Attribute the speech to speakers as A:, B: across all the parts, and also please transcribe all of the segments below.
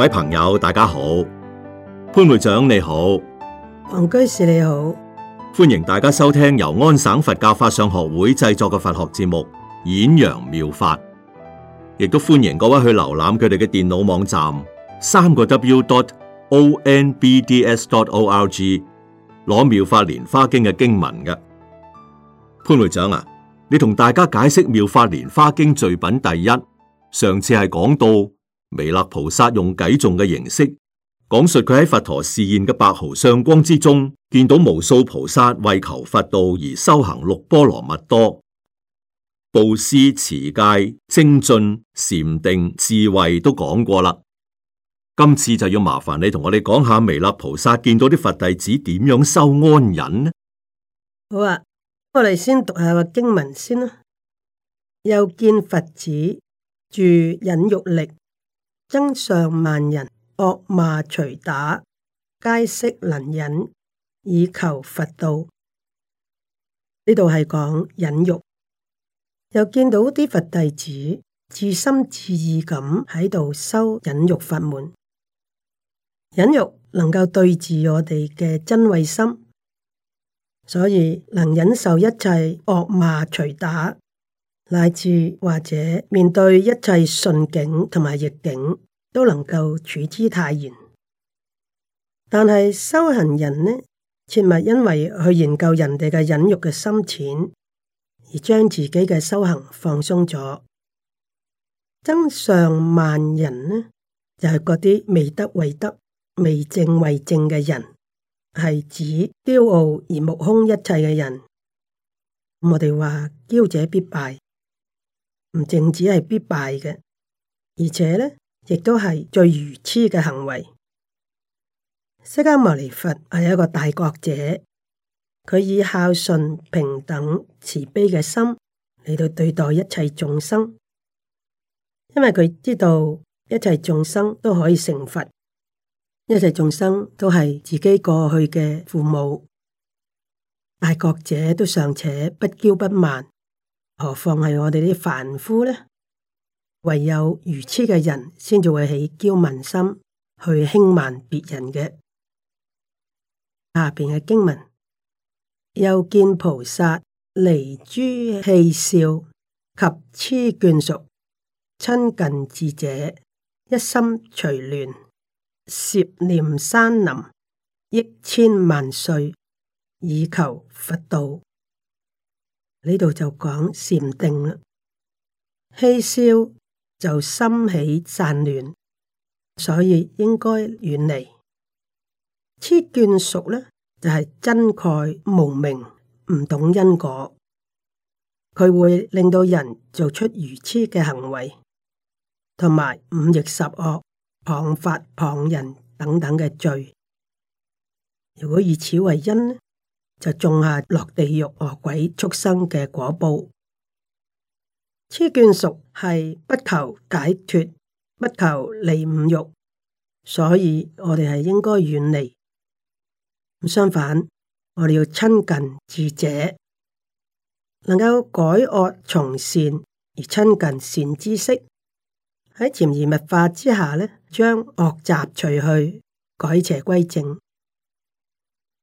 A: 各位朋友，大家好，潘會長你好，
B: 黃居士你好，
A: 歡迎大家收聽由安省佛教法相學會製作嘅佛學節目《演揚妙法》，亦都歡迎各位去瀏覽佢哋嘅電腦網站三個 W dot O N B D S dot O R G 攞《妙法蓮花經》嘅經文嘅。潘會長啊，你同大家解釋《妙法蓮花經》序品第一，上次係講到。彌勒菩薩用偈頌嘅形式講述佢喺佛陀示現嘅白毫上光之中，見到無數菩薩為求佛道而修行六波羅蜜多、布施、持戒、精進、禪定、智慧，都講過啦。今次就要麻煩你同我哋講下彌勒菩薩見到啲佛弟子點樣修安忍呢？
B: 好啊，我哋先讀下個經文先啦。又見佛子住忍辱力。增上慢人惡罵捶打，皆悉能忍，以求佛道。呢度係講忍辱，又見到啲佛弟子自心自意咁喺度修忍辱法門。忍辱能夠對治我哋嘅瞋恚心，所以能忍受一切惡罵捶打。乃至或者面對一切順境同埋逆境都能夠處之泰然，但係修行人呢，切勿因為去研究人哋嘅忍辱嘅深淺，而將自己嘅修行放鬆咗。增上慢人呢，就係嗰啲未得為得、未正為正嘅人，係指驕傲而目空一切嘅人。我哋話驕者必敗。唔淨止係必敗嘅，而且呢，亦都係最愚癡嘅行為。釋迦牟尼佛係一個大覺者，佢以孝順、平等、慈悲嘅心嚟到對待一切眾生，因為佢知道一切眾生都可以成佛，一切眾生都係自己過去嘅父母。大覺者都尚且不驕不慢。何況係我哋啲凡夫呢？唯有如痴嘅人先至會起驕慢心，去輕慢別人嘅。下邊嘅經文，又見菩薩離諸戲笑及痴眷屬親近智者，一心隨亂涉念山林億千萬歲以求佛道。呢度就講禪定啦，欺少就心起散亂，所以應該遠離。痴眷屬呢，就係真蓋無名，唔懂因果，佢會令到人做出如痴嘅行為，同埋五逆十惡、謗法、謗人等等嘅罪。如果以此為因呢？就種下落地獄惡鬼畜生嘅果報。痴眷屬係不求解脫，不求離五欲，所以我哋係應該遠離。相反，我哋要親近智者，能夠改惡從善而親近善知識。喺潛移默化之下咧，將惡習除去，改邪歸正。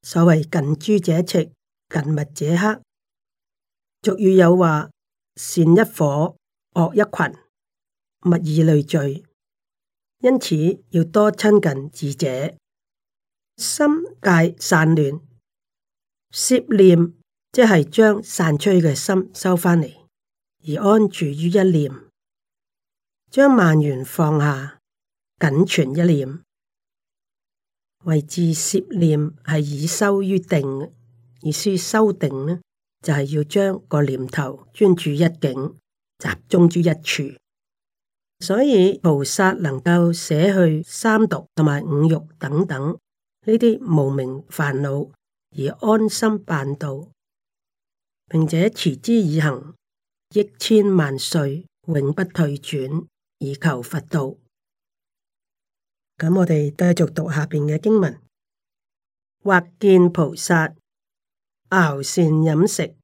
B: 所謂近朱者赤，近墨者黑。俗語有話，善一夥，惡一群，物以類聚。因此要多親近智者，心戒散亂，攝念即係將散出去嘅心收返嚟，而安住於一念，將萬緣放下，僅存一念。為自涉念係以修於定的，而說修定呢，就係、是、要將個念頭專注一境，集中於一處。所以菩薩能夠捨去三毒同埋五欲等等呢啲無明煩惱，而安心辦道，並且持之以恆，億千萬歲永不退轉，以求佛道。咁、嗯、我哋繼續讀下邊嘅經文：或見菩薩熬善飲食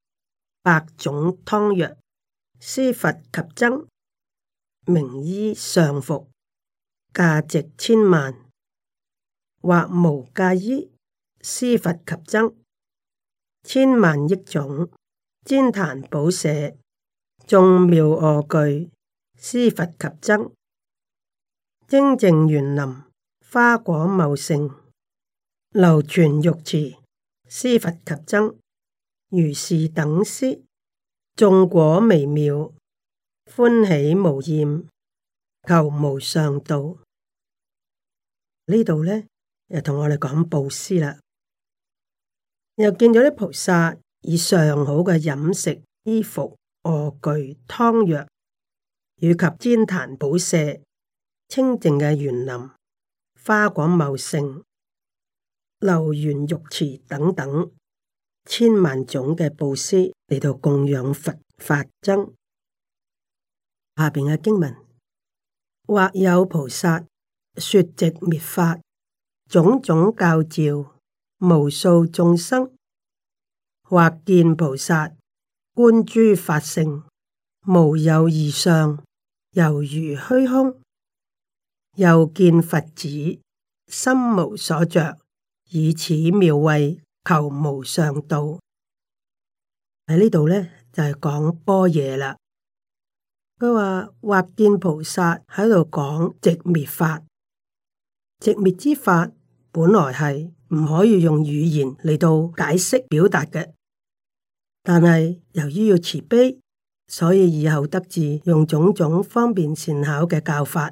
B: 百種湯藥，施佛及僧，名衣上服，價值千萬；或無價衣，施佛及僧，千萬億種，栴檀寶舍，眾妙臥具，施佛及僧。」清淨園林，花果茂盛，流泉浴池，施佛及僧，如是等施，種果微妙，歡喜無厭，求無上道。呢度呢，又同我哋講布施啦，又見咗啲菩薩以上好嘅飲食、衣服、臥具、湯藥，以及旃檀寶舍。清淨嘅園林、花果茂盛、流泉浴池等等，千萬種嘅布施嚟到供養佛法僧。下邊嘅經文，或有菩薩說寂滅法，種種教詔，無數眾生或見菩薩觀諸法性，無有二相，猶如虛空。又見佛子心無所着，以此妙慧求無上道。喺呢度呢，就係、是、講般若啦。佢話或見菩薩喺度講寂滅法，寂滅之法本來係唔可以用語言嚟到解釋表達嘅，但係由於要慈悲，所以以後得智用種種方便善巧嘅教法。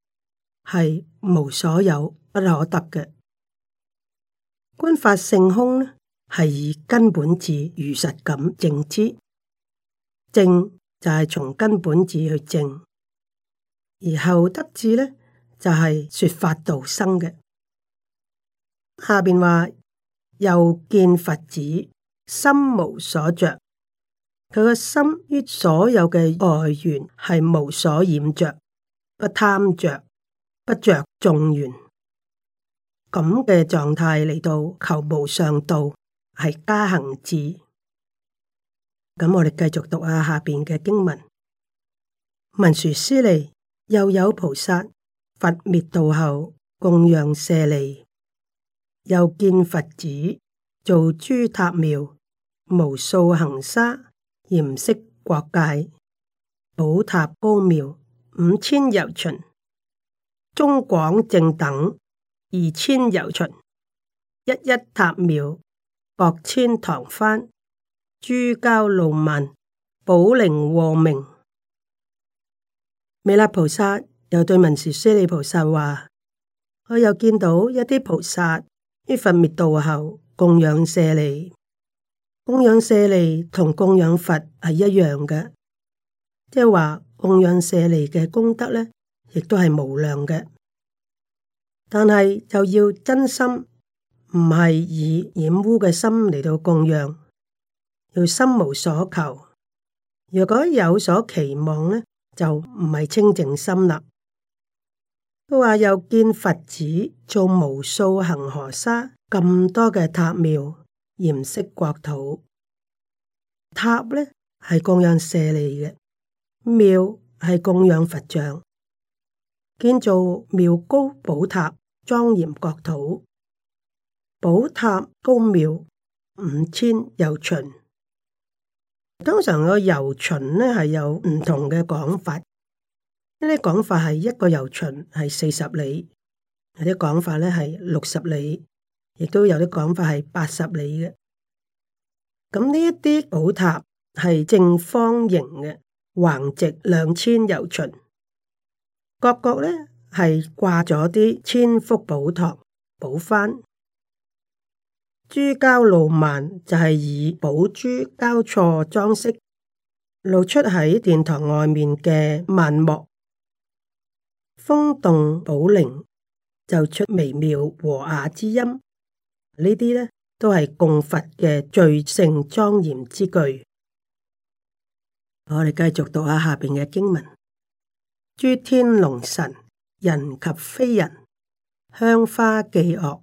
B: 係無所有不可得嘅。觀法性空呢，係以根本智如實咁證知，證就係從根本智去證，而後得智呢，就係、是、說法度生嘅。下邊話，又見佛子心無所著，佢個心於所有嘅外緣係無所染著，不貪著。不着眾緣咁嘅狀態嚟到求無上道係加行智。咁我哋繼續讀下下邊嘅經文。「文殊師利，又有菩薩，佛滅度後，供養舍利，又見佛子造諸塔廟，無數恆沙嚴飾國界，寶塔高妙，五千由旬。」縱廣正等二千由旬，一一塔廟各千幢幡，珠交露幔寶鈴和鳴。彌勒菩薩又對文殊師利菩薩話，我又見到一啲菩薩於佛滅度後供養舍利，供養舍利同供養佛係一樣嘅，即係話供養舍利嘅功德呢。亦都係無量嘅，但係就要真心，唔係以染污嘅心嚟到供養，要心無所求。如果有所期望呢就唔係清淨心啦。都話又見佛子做無數恒河沙咁多嘅塔廟，嚴飾國土塔呢係供養舍利嘅，廟係供養佛像。建造妙高寶塔，莊嚴國土。寶塔高妙五千由旬。通常個由旬咧，係有唔同嘅講法，呢啲講法係一個由旬係四十里，有啲講法咧係六十里，亦都有啲講法係八十里嘅。咁呢一啲寶塔係正方形嘅，橫直兩千由旬。角角呢係掛咗啲千福寶堂，補翻、就是、珠交路萬就係以寶珠交錯裝飾，露出喺殿堂外面嘅萬木風動寶鈴就出微妙和雅之音，這些呢啲呢都係供佛嘅最勝莊嚴之具。我哋繼續讀下下面嘅經文。諸天龍神人及非人，香花伎樂，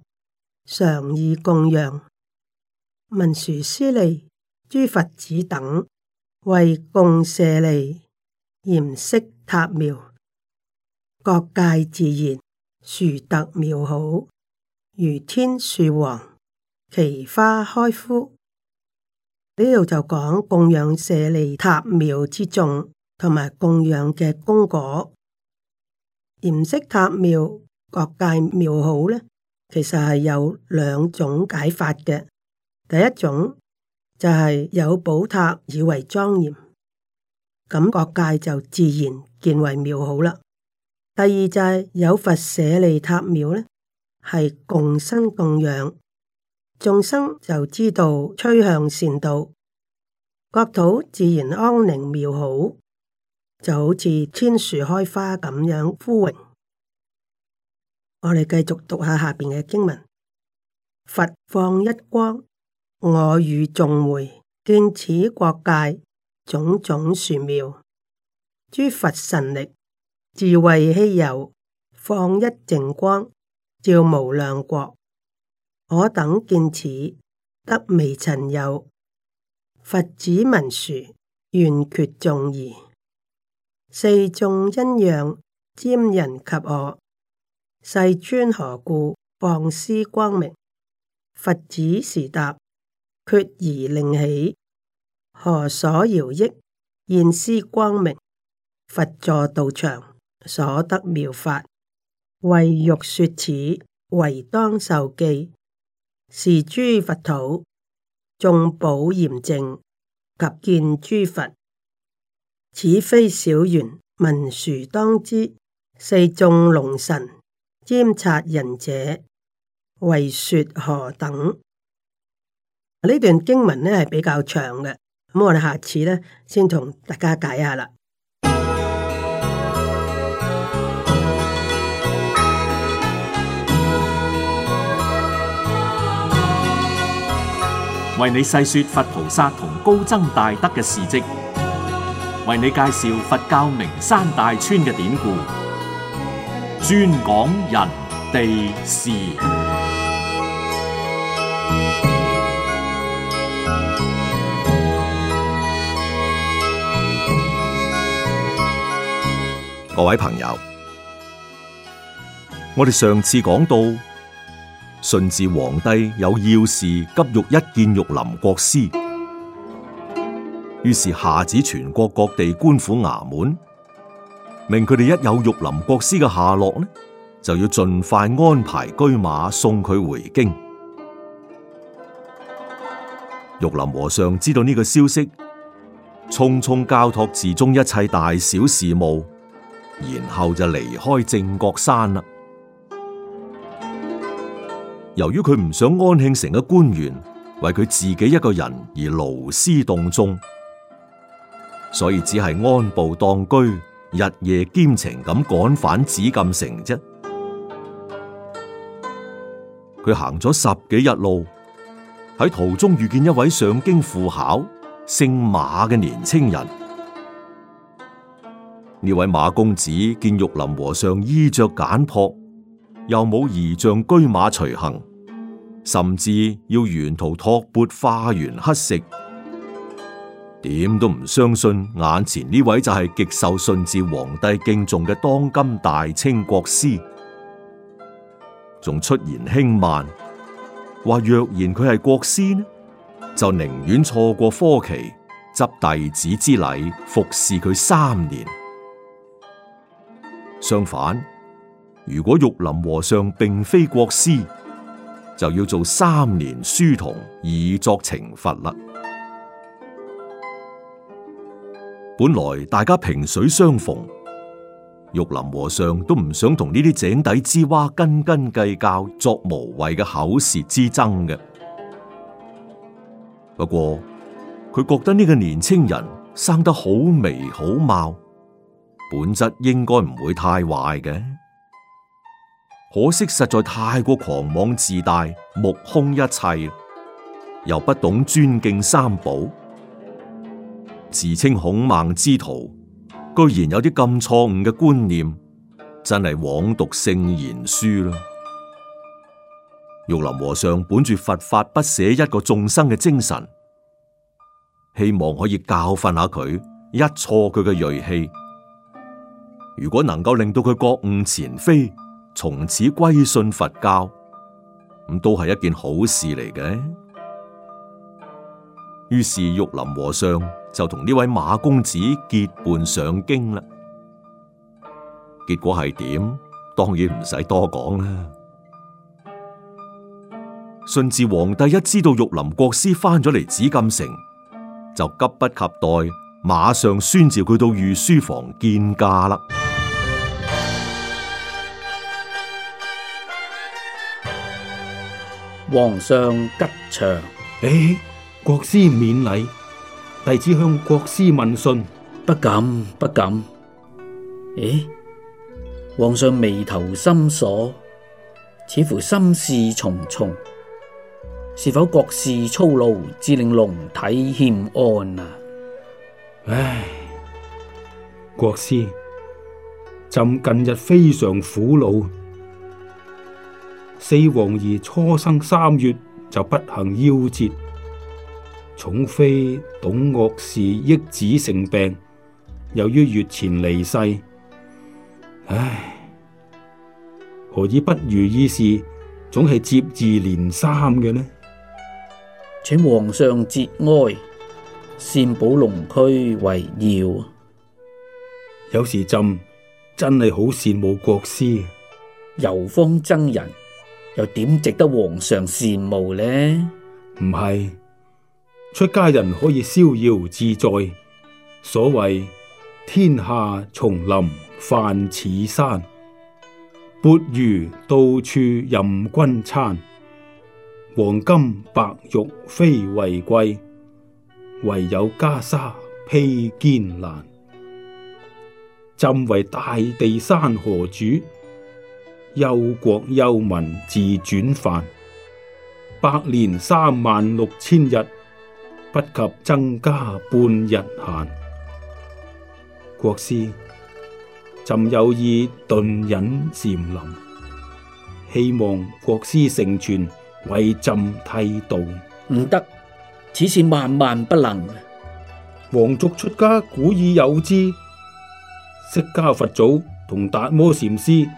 B: 常以供養。文殊師利、諸佛子等為供舍利，嚴飾塔廟，各界自然殊特妙好，如天樹王，奇花開敷。呢度就講供養舍利塔廟之眾。同埋供養嘅功果，嚴飾塔廟國界妙好呢，其實係有兩種解法嘅。第一種就係、是、有寶塔以為莊嚴，咁國界就自然見為妙好啦。第二就係有佛舍利塔廟呢，係共生供養，眾生就知道趨向善道，國土自然安寧，妙好。就好似千樹開花咁樣枯榮，我哋繼續讀下下邊嘅經文：佛放一光，我與眾會見此國界種種殊妙，諸佛神力智慧稀有，放一淨光照無量國，我等見此得未曾有。佛子文殊，願決眾疑。四眾欣仰，瞻仁及我，世尊何故放斯光明？佛子時答，決疑令喜，何所饒益？演斯光明，佛坐道場所得妙法，為欲說此，為當受記。是諸佛土眾寶嚴淨，及見諸佛。此非小緣，文殊當知，四眾龍神，瞻察仁者，為說何等？呢段經文呢係比較長嘅，咁我哋下次呢先同大家解下啦。
A: 為你細說佛菩薩同高僧大德嘅事跡。為你介紹佛教名山大川嘅典故，專講人地事。各位朋友，我哋上次講到，順治皇帝有要事急欲一見玉林國師。於是下旨全國各地官府衙門，命佢哋一有玉林國師嘅下落呢，就要盡快安排車馬送佢回京。玉林和尚知道呢個消息，匆匆交託寺中一切大小事務，然後就離開正覺山啦。由於佢唔想安慶城嘅官員為佢自己一個人而勞師動眾。所以只係安步當車，日夜兼程咁趕返紫禁城啫。佢行咗十幾日路，喺途中遇見一位上京赴考、姓馬嘅年青人。呢位馬公子見玉林和尚衣着簡樸，又冇儀仗、車馬隨行，甚至要沿途托缽化緣乞食。點都唔相信眼前呢位就係極受順治皇帝敬重嘅當今大清國師，仲出言輕慢，話若然佢係國師，就寧願錯過科期，執弟子之禮，服侍佢三年。相反，如果玉林和尚並非國師，就要做三年書童以作懲罰啦。本來大家萍水相逢，玉林和尚都唔想同呢啲井底之蛙斤斤計較，作無謂嘅口舌之爭嘅。不過佢覺得呢個年青人生得好眉好貌，本質應該唔會太壞嘅。可惜實在太過狂妄自大，目空一切，又不懂尊敬三寶。自稱孔孟之徒，居然有啲咁錯誤嘅觀念，真係枉讀聖賢書啦！玉林和尚本住佛法不捨一個眾生嘅精神，希望可以教訓下佢，一錯佢嘅銳氣。如果能夠令到佢覺悟前非，從此歸信佛教，咁都係一件好事嚟嘅。於是玉林和尚。就同呢位馬公子結伴上京啦。結果係點？當然唔使多講啦。順治皇帝一知道玉林國師翻咗嚟紫禁城，就急不及待，馬上宣召佢到御書房見駕啦。
C: 皇上吉祥！哎，國師免禮。弟子向國師問訊，不敢不敢。咦，皇
D: 上眉頭深鎖，似乎心事重重。是否國事操勞，致令龍體欠安啊？
C: 唉，國師，朕近日非常苦惱，四皇兒初生三月就不幸夭折。寵妃董鄂氏憶子成病，由於月前離世，唉，何以不如意事總係接二連三嘅呢？請皇上節哀。善保龍軀
D: 為要。有時朕真係好羨慕國師。遊方僧人又點值得皇上羨慕
C: 呢？唔係。出家人可以逍遙自在，所謂天下叢林飯似山，鉢盂到處任君餐，黃金白玉非為貴，唯有袈裟披肩難。朕為大地山河主，憂國憂民自轉煩，百年三萬六千日。不及增加半日閒。國師，朕有意遁隱禪林，希望國師成全，為朕剃度。唔得，此事萬萬不能。皇族出家古已有之，釋迦佛祖同達摩禪師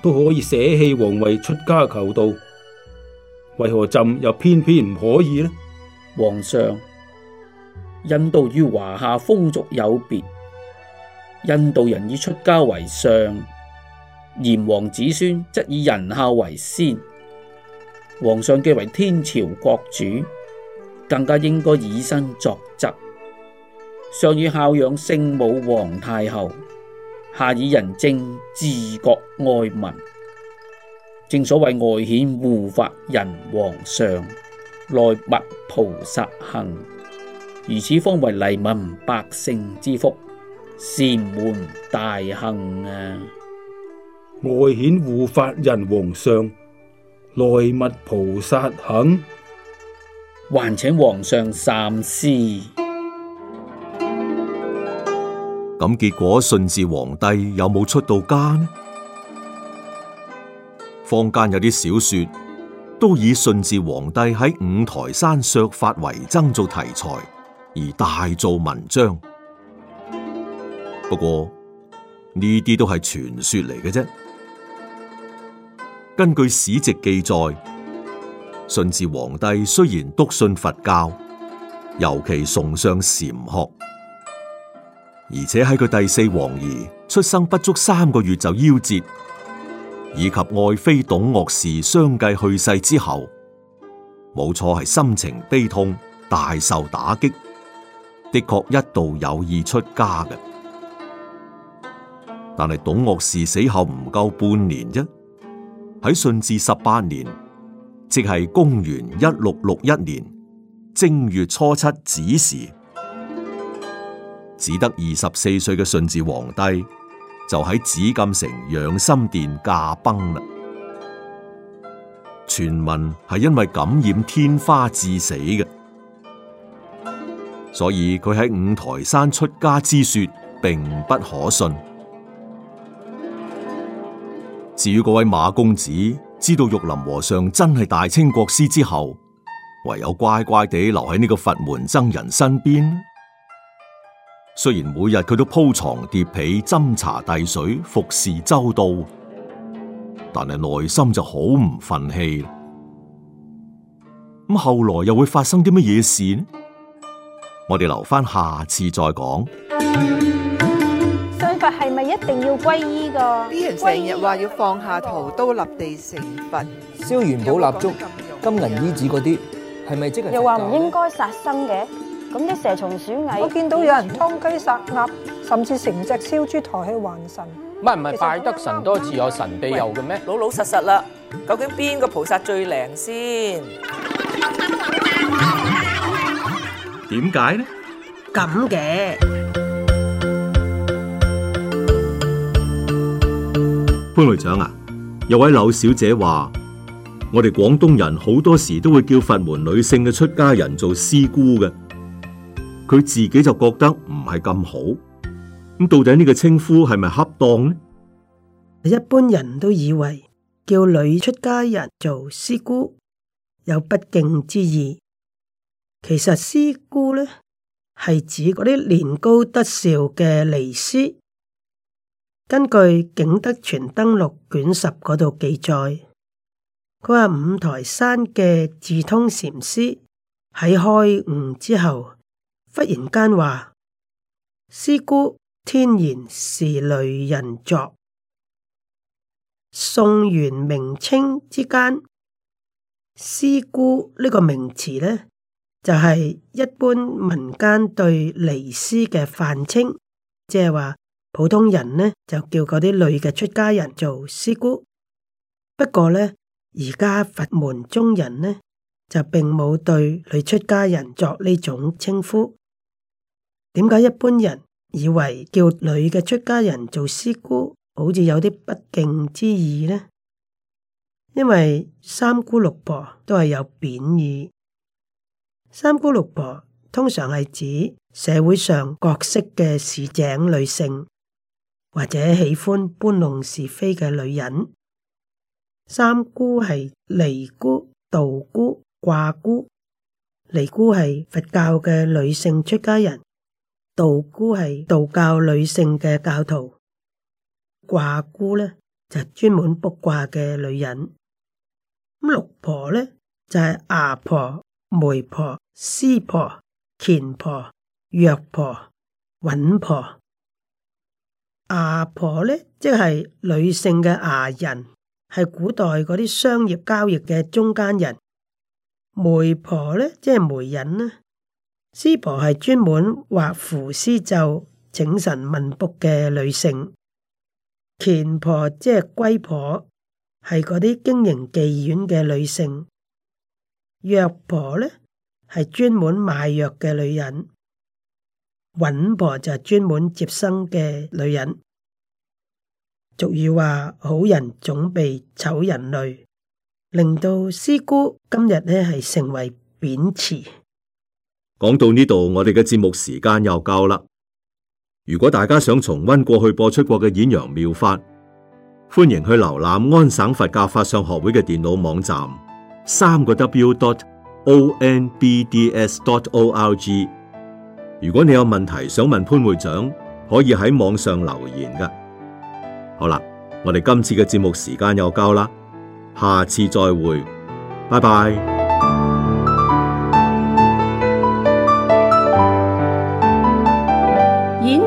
C: 都可以捨棄皇位出家求道，為何朕又偏偏唔可以呢？皇上，印度與華夏
D: 風俗有別，印度人以出家為上，炎黃子孫則以仁孝為先。皇上既為天朝國主，更加應該以身作則，上以孝養聖母皇太后，下以仁政治國愛民，正所謂外顯護法人皇上，.內密菩薩行，如此方為黎民百
C: 姓之福，善門大幸啊！外顯護法人，皇上內密菩薩行，還請皇上三思。
A: 咁結果順治皇帝有冇出到家呢？坊間有啲小說。都以順治皇帝喺五台山削髮為僧做題材而大做文章。不過呢啲都係傳說嚟嘅啫。根據史籍記載，順治皇帝雖然篤信佛教，尤其崇尚禪學，而且喺佢第四皇兒出生不足三個月就夭折。以及愛妃董鄂氏相繼去世之後，冇錯，係心情悲痛，大受打擊，的確一度有意出家嘅。但係董鄂氏死後唔夠半年啫，喺順治十八年，即係公元一六六一年正月初七子時，只得二十四歲嘅順治皇帝，就喺紫禁城養心殿駕崩啦。傳聞係因為感染天花致死嘅，所以佢喺五台山出家之說並不可信。至於嗰位馬公子，知道玉林和尚真係大清國師之後，唯有乖乖地留喺呢個佛門僧人身邊。雖然每日佢都鋪床疊被、斟茶遞水、服侍周到，但係內心就好唔忿氣。咁後來又會發生啲乜嘢事呢？我哋留翻下，下次再講。
D: 信佛係咪一定要皈依㗎？啲人成日話要放下屠刀立地成
A: 佛，燒元寶蠟燭、有有金銀衣紙嗰啲，係咪、啊、即係
D: 又話唔應
B: 該殺生嘅？咁啲蛇蟲鼠蟻，我見到有人劏雞殺鴨，甚至成隻燒豬抬起還神，
D: 唔係唔係拜得神多自有神庇佑嘅咩？老老實實啦，究竟邊個菩薩最靈先？
A: 點解呢？
B: 咁嘅
A: 潘會長啊，有位柳小姐話，我哋廣東人好多時都會叫佛門女性嘅出家人做師姑嘅。佢自己就覺得唔係咁好，咁到底呢個稱呼係咪恰當呢？
B: 一般人都以為叫女出家人做師姑有不敬之意，其實師姑呢，係指嗰啲年高德劭嘅尼師。根據《景德傳燈錄》卷十嗰度記載，佢話五台山嘅智通禪師喺開悟之後。忽然間話，師姑天然是女人作。宋元明清之間，師姑呢個名詞呢，就係、是、一般民間對尼師嘅泛稱，即係話普通人呢就叫嗰啲女嘅出家人做師姑。不過呢，而家佛門中人呢就並冇對女出家人作呢種稱呼。點解一般人以為叫女嘅出家人做師姑，好似有啲不敬之意呢？因為三姑六婆都係有貶義。三姑六婆通常係指社會上角色嘅市井女性，或者喜歡搬弄是非嘅女人。三姑係尼姑、道姑、卦姑。尼姑係佛教嘅女性出家人。道姑係道教女性嘅教徒，卦姑呢就係專門卜卦嘅女人。六婆呢就係牙婆、媒婆、師婆、錢婆、藥婆、穩婆。牙婆呢即係女性嘅牙人，係古代嗰啲商業交易嘅中間人。媒婆呢即係媒人啦。師婆係專門畫符施咒、請神問卜嘅女性，虔婆即係龜婆，係嗰啲經營妓院嘅女性，藥婆呢，係專門賣藥嘅女人，穩婆就係專門接生嘅女人。俗語話：好人總被醜人累，令到師姑今日呢，係成為貶詞。
A: 講到呢度，我哋嘅節目時間又夠啦。如果大家想重溫過去播出過嘅演揚妙法，歡迎去瀏覽安省佛教法相學會嘅電腦網站，三個 W dot O N B D S dot O L G。如果你有問題想問潘會長，可以喺網上留言㗎。好啦，我哋今次嘅節目時間又夠啦，下次再會，拜拜。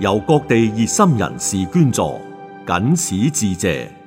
A: 由各地熱心人士捐助，謹此致謝。